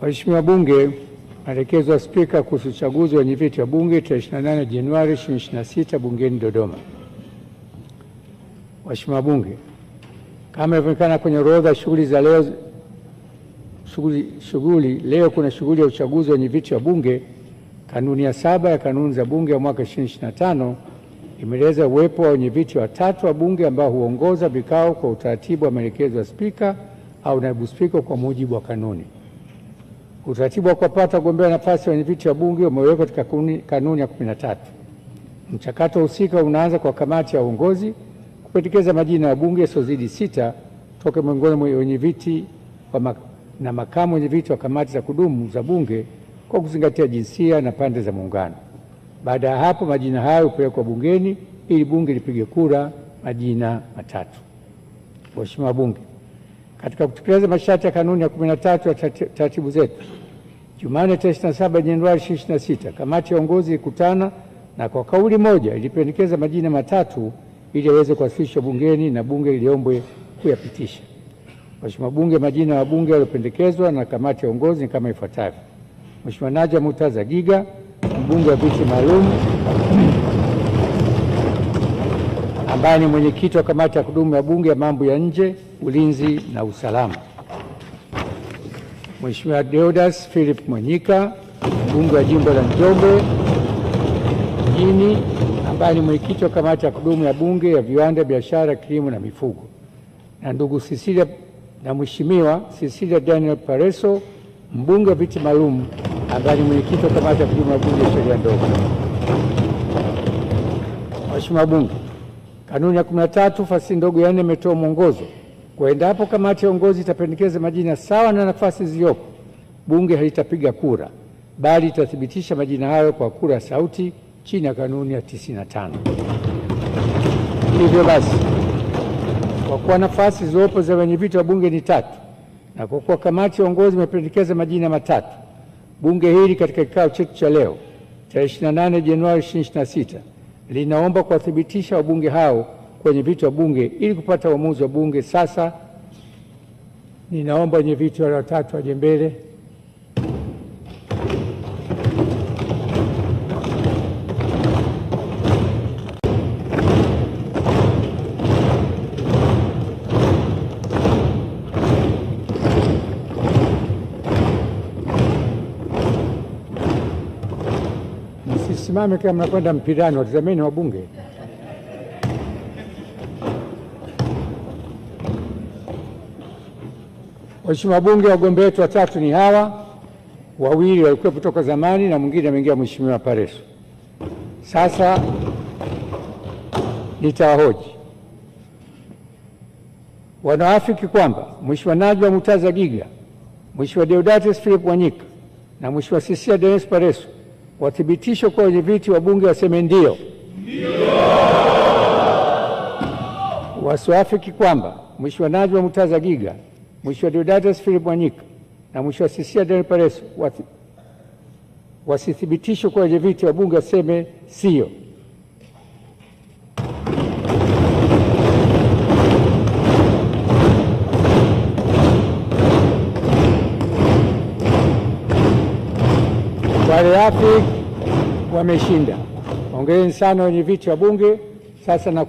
Waheshimiwa Bunge, maelekezo ya Spika kuhusu uchaguzi wa wenyeviti wa Bunge tarehe 28 Januari 2026 bungeni Dodoma. Waheshimiwa Bunge, kama ilivyoonekana kwenye orodha shughuli za leo, shughuli shughuli leo kuna shughuli ya uchaguzi wa wenyeviti wa Bunge. Kanuni ya saba ya kanuni za Bunge ya mwaka 2025 imeeleza uwepo wa wenyeviti watatu wa Bunge ambao huongoza vikao kwa utaratibu wa maelekezo ya Spika au naibu spika kwa mujibu wa kanuni. Utaratibu wa kuwapata wagombea nafasi wenye viti wa bunge umewekwa katika kanuni ya 13. Mchakato husika unaanza kwa kamati ya uongozi kupendekeza majina ya wabunge yasiozidi sita toka miongoni mwa wenye viti na makamu wenye viti wa kamati za kudumu za bunge kwa kuzingatia jinsia na pande za muungano. Baada ya hapo, majina hayo hupelekwa bungeni ili bunge lipige kura majina matatu. Waheshimiwa wabunge katika kutekeleza masharti ya kanuni ya 13 ya taratibu zetu, Jumanne tarehe 27 Januari 2026 kamati ya uongozi ilikutana na kwa kauli moja ilipendekeza majina matatu ili yaweze kuwasilishwa bungeni na bunge iliombwe kuyapitisha. Mheshimiwa Bunge, majina ya wabunge waliopendekezwa na kamati ya uongozi ni kama ifuatavyo: Mheshimiwa Naja Mutaza Giga, mbunge wa viti maalum ambaye ni mwenyekiti wa kamati ya kudumu ya Bunge ya mambo ya nje, ulinzi na usalama, Mheshimiwa Deodas Philip Mwanyika, mbunge wa jimbo la Njombe mjini, ambaye ni mwenyekiti wa kamati ya kudumu ya Bunge ya viwanda, biashara, kilimo na mifugo, na ndugu Cecilia na Mheshimiwa Cecilia Daniel Pareso, mbunge wa viti maalum, ambaye ni mwenyekiti wa kamati ya kudumu ya Bunge ya sheria ndogo. Mheshimiwa Bunge Kanuni ya kumi na tatu ndogo ya nne imetoa mwongozo kwa endapo kamati ya uongozi itapendekeza majina sawa na nafasi ziliyopo bunge halitapiga kura, bali itathibitisha majina hayo kwa kura ya sauti chini ya kanuni ya 95. Hivyo basi, kwa kuwa nafasi zilizopo za wenyeviti wa bunge ni tatu na kwa kuwa kamati ya uongozi imependekeza majina matatu, bunge hili katika kikao chetu cha leo tarehe 28 Januari 2026 linaomba kuwathibitisha wabunge hao kwenye viti wa bunge ili kupata uamuzi wa bunge. Sasa ninaomba wenye viti wale watatu waje mbele. msimame kama mnakwenda mpirani, watizameni wabunge. Waheshimiwa wabunge, wagombea wetu watatu ni hawa, wawili walikuwa toka zamani na mwingine ameingia, Mheshimiwa Pareso. Sasa nitawahoji wanaafiki kwamba Mheshimiwa Najwa Mutaza Giga, Mheshimiwa Deodatus Philip Wanyika na Mheshimiwa Sisia Dennis Pareso wathibitisho kuwa wenye viti wa bunge waseme ndio, wasiwafiki kwamba Mheshimiwa najma Mutaza Giga, Mheshimiwa Deodatus Philip Mwanyika na Mheshimiwa Sisia Daniel Pareso wasithibitishwe kuwa wenye viti wa bunge waseme sio. Mareafi wameshinda. Hongereni sana wenye viti wa Bunge sasa na